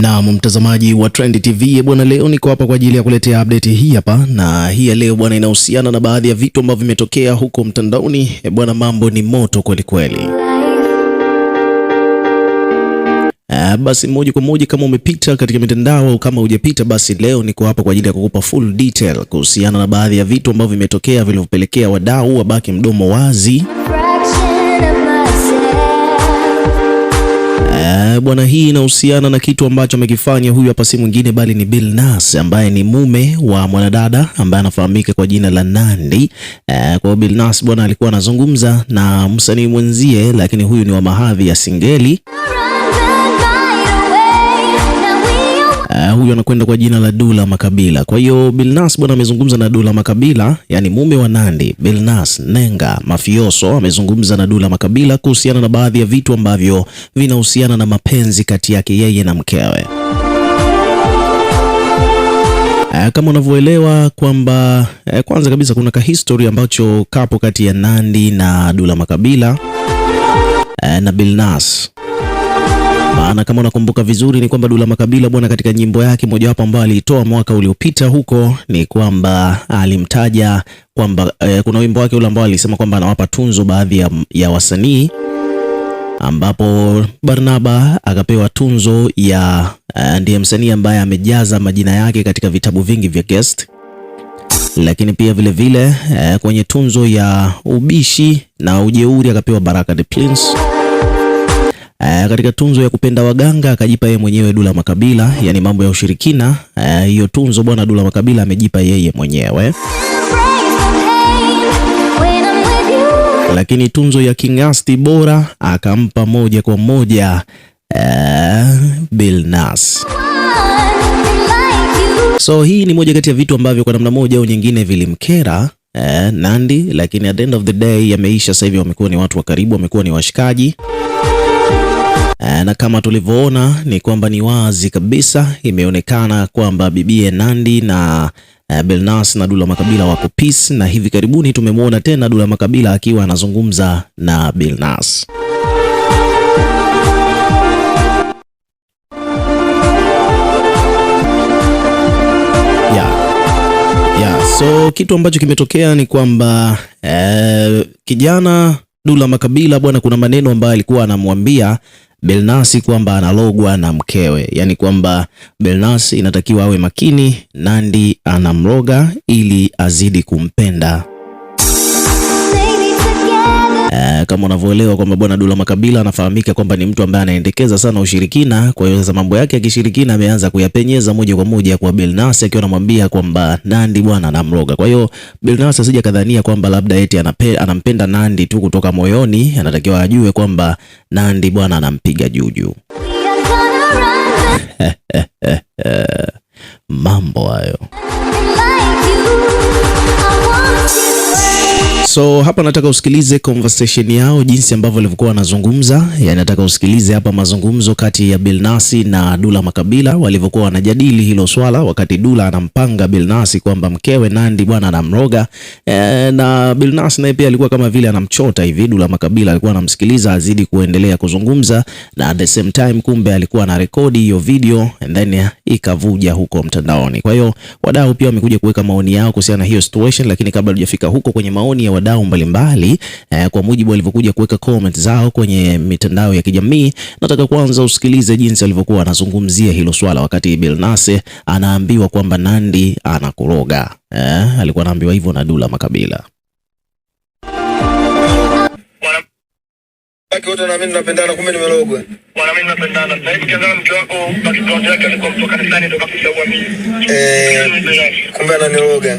Naam, mtazamaji wa Trend TV bwana, leo niko hapa kwa ajili ya kuletea update hii hapa, na hii ya leo bwana inahusiana na baadhi ya vitu ambavyo vimetokea huko mtandaoni eh, bwana. Mambo ni moto kweli kweli. Uh, basi moja kwa moja kama umepita katika mitandao au kama hujapita, basi leo niko hapa kwa ajili ya kukupa full detail kuhusiana na baadhi ya vitu ambavyo vimetokea vilivyopelekea wadau wabaki mdomo wazi Eh, bwana, hii inahusiana na kitu ambacho amekifanya huyu hapa si mwingine bali ni Nas ambaye ni mume wa mwanadada ambaye anafahamika kwa jina la nandi E, kwa Nas bwana alikuwa anazungumza na msanii mwenzie, lakini huyu ni wa mahadhi ya singeli huyu anakwenda kwa jina la Dula Makabila. Kwa hiyo Bilnas bwana amezungumza na Dula Makabila, yani mume wa Nandi. Bilnas Nenga Mafioso amezungumza na Dula Makabila kuhusiana na baadhi ya vitu ambavyo vinahusiana na mapenzi kati yake yeye na mkewe eh, kama unavyoelewa kwamba eh, kwanza kabisa kuna kahistory ambacho kapo kati ya Nandi na Dula Makabila eh, na Bilnas. Maana kama unakumbuka vizuri ni kwamba Dula Makabila bwana, katika nyimbo yake mojawapo ambayo aliitoa mwaka uliopita huko ni kwamba alimtaja kwamba eh, kuna wimbo wake ule ambao alisema kwamba anawapa tunzo baadhi ya, ya wasanii ambapo Barnaba akapewa tunzo ya uh, ndiye msanii ambaye amejaza majina yake katika vitabu vingi vya guest, lakini pia vile vile uh, kwenye tunzo ya ubishi na ujeuri akapewa Baraka the Prince. Uh, katika tunzo ya kupenda waganga akajipa yeye mwenyewe Dula Makabila, yani mambo ya ushirikina eh, hiyo uh, tunzo bwana Dula Makabila amejipa yeye mwenyewe lakini tunzo ya kingasti bora akampa moja kwa moja uh, eh, Billnass. So hii ni moja kati ya vitu ambavyo kwa namna moja au nyingine vilimkera uh, Nandy, lakini at the end of the day yameisha. Sasa hivi wamekuwa ni watu wa karibu, wamekuwa ni washikaji. Eh, na kama tulivyoona ni kwamba ni wazi kabisa imeonekana kwamba bibie Nandi na eh, Belnas na Dula Makabila wako peace, na hivi karibuni tumemwona tena Dula Makabila akiwa anazungumza na Belnas. So kitu ambacho kimetokea ni kwamba eh, kijana Dula Makabila bwana, kuna maneno ambayo alikuwa anamwambia Belnasi kwamba analogwa na mkewe, yaani kwamba Belnasi inatakiwa awe makini, Nandi anamloga ili azidi kumpenda. kama unavyoelewa kwamba bwana Dula Makabila anafahamika kwamba ni mtu ambaye anaendekeza sana ushirikina. Kwa hiyo sasa mambo yake ya kishirikina ameanza kuyapenyeza moja kwa moja kwa Belnas, akiwa anamwambia kwamba Nandi bwana anamroga. Kwa hiyo Belnas asija kadhania kwamba labda eti anape, anampenda Nandi tu kutoka moyoni, anatakiwa ajue kwamba Nandi bwana anampiga juju mambo hayo. So hapa nataka usikilize conversation yao jinsi ambavyo walivyokuwa wanazungumza. Yani nataka usikilize hapa mazungumzo kati ya Bilnasi na Dula Makabila walivyokuwa wanajadili hilo swala, wakati Dula anampanga Bilnasi kwamba mkewe Nandi bwana anamroga e, na Bilnasi naye pia alikuwa kama vile anamchota hivi. Dula Makabila alikuwa anamsikiliza azidi kuendelea kuzungumza, na at the same time kumbe alikuwa na rekodi hiyo video and then ikavuja huko mtandaoni. Kwa hiyo wadau pia wamekuja kuweka maoni yao kuhusiana na hiyo situation, lakini kabla hujafika huko kwenye maoni ya wadau mbalimbali eh, kwa mujibu walivyokuja kuweka comment zao kwenye mitandao ya kijamii. Nataka kwanza usikilize jinsi alivyokuwa anazungumzia hilo swala wakati bilnase anaambiwa kwamba nandi anakoroga. Eh, alikuwa anaambiwa hivyo na Dula Makabila. kumbe ananiroga.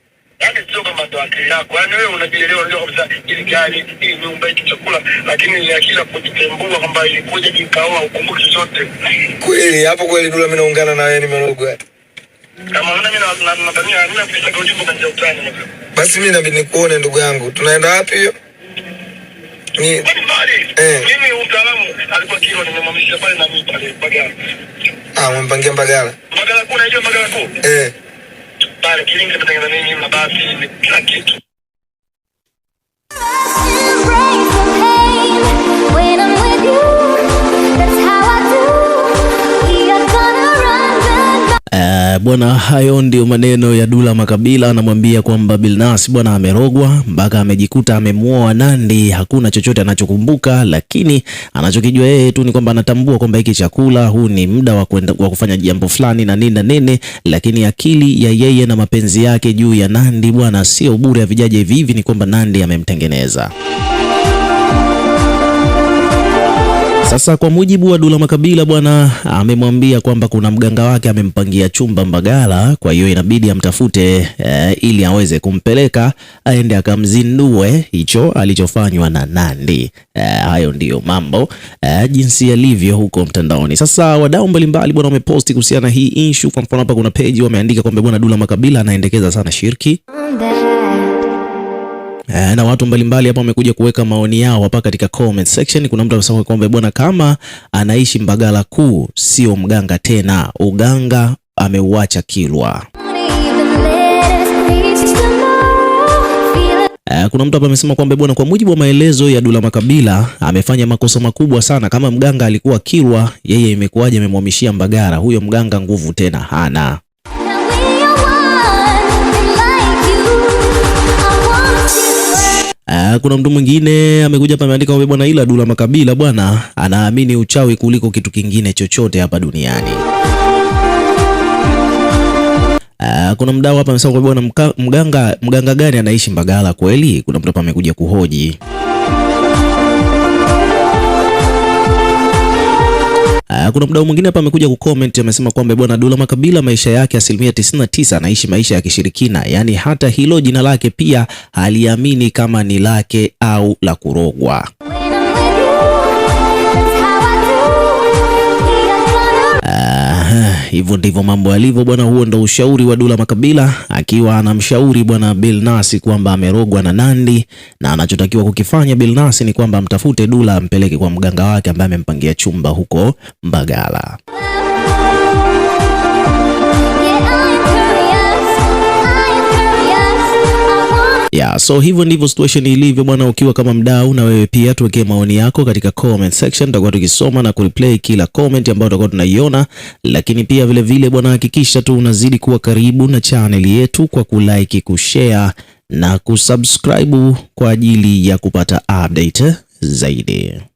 Yaani sio kama ndo akili yako, yaani wewe unajielewa leo kabisa, ili gari ili nyumba hii chakula, lakini ya kila kujitembua kwamba ilikuja nikaoa ukumbuki zote kweli. Hapo kweli Dula, mimi naungana na wewe, nimerogwa kama mimi na Tanzania, mimi nafikisha kwa ujumbe kanja utani. Basi mimi nabidi nikuone ndugu yangu, tunaenda wapi hiyo? Ni eh, mimi utaalamu alikuwa kilo nimemwamisha pale na mimi pale Bagala. Ah, umempangia Bagala? Bagala kuna hiyo Bagala kuu. eh baada ya kile ingine nini mabasi na kitu. bwana, hayo ndio maneno ya Dula Makabila, anamwambia kwamba Bilnas bwana amerogwa mpaka amejikuta amemwoa Nandi. Hakuna chochote anachokumbuka, lakini anachokijua yeye tu ni kwamba anatambua kwamba hiki chakula, huu ni muda wa kwenda wa kufanya jambo fulani na nini na nini, lakini akili ya yeye na mapenzi yake juu ya Nandi bwana sio bure ya vijaji hivi hivi, ni kwamba Nandi amemtengeneza. Sasa kwa mujibu wa Dula Makabila bwana amemwambia kwamba kuna mganga wake amempangia chumba Mbagala, kwa hiyo inabidi amtafute e, ili aweze kumpeleka aende akamzindue hicho alichofanywa na Nandi. E, hayo ndiyo mambo e, jinsi yalivyo huko mtandaoni. Sasa wadau mbalimbali bwana wameposti kuhusiana hii issue. Kwa mfano hapa kuna page wameandika kwamba bwana Dula Makabila anaendekeza sana shirki Mbe. Eh, na watu mbalimbali hapa wamekuja kuweka maoni yao hapa katika comment section. Kuna mtu amesema kwamba bwana, kama anaishi Mbagala Kuu sio mganga tena, uganga ameuacha Kilwa. Eh, kuna mtu hapa amesema kwamba bwana, kwa mujibu wa maelezo ya Dula Makabila amefanya makosa makubwa sana. Kama mganga alikuwa Kilwa, yeye imekuwaje amemhamishia Mbagara? Huyo mganga nguvu tena hana. Uh, kuna mtu mwingine amekuja hapa ameandika wewe bwana, ila Dula Makabila bwana anaamini uchawi kuliko kitu kingine chochote hapa duniani. Uh, kuna mdau hapa amesema bwana, mganga mganga gani anaishi Mbagala kweli? Kuna mtu hapa amekuja kuhoji Eh, kuna mdau mwingine hapa amekuja kucomment, amesema kwamba bwana Dula Makabila maisha yake asilimia 99 anaishi maisha ya kishirikina, yaani hata hilo jina lake pia haliamini kama ni lake au la kurogwa. Hivyo ndivyo mambo yalivyo bwana. Huo ndo ushauri wa Dula Makabila akiwa anamshauri bwana Bilnasi kwamba amerogwa na Nandi na anachotakiwa kukifanya Bilnasi ni kwamba amtafute Dula ampeleke kwa mganga wake ambaye amempangia chumba huko Mbagala. yeah, so hivyo ndivyo situation ilivyo bwana. Ukiwa kama mdau na wewe pia, tuwekee maoni yako katika comment section, tutakuwa tukisoma na kureplay kila comment ambayo tutakuwa tunaiona. Lakini pia vile vile bwana, hakikisha tu unazidi kuwa karibu na channel yetu kwa kulike, kushare na kusubscribe kwa ajili ya kupata update zaidi.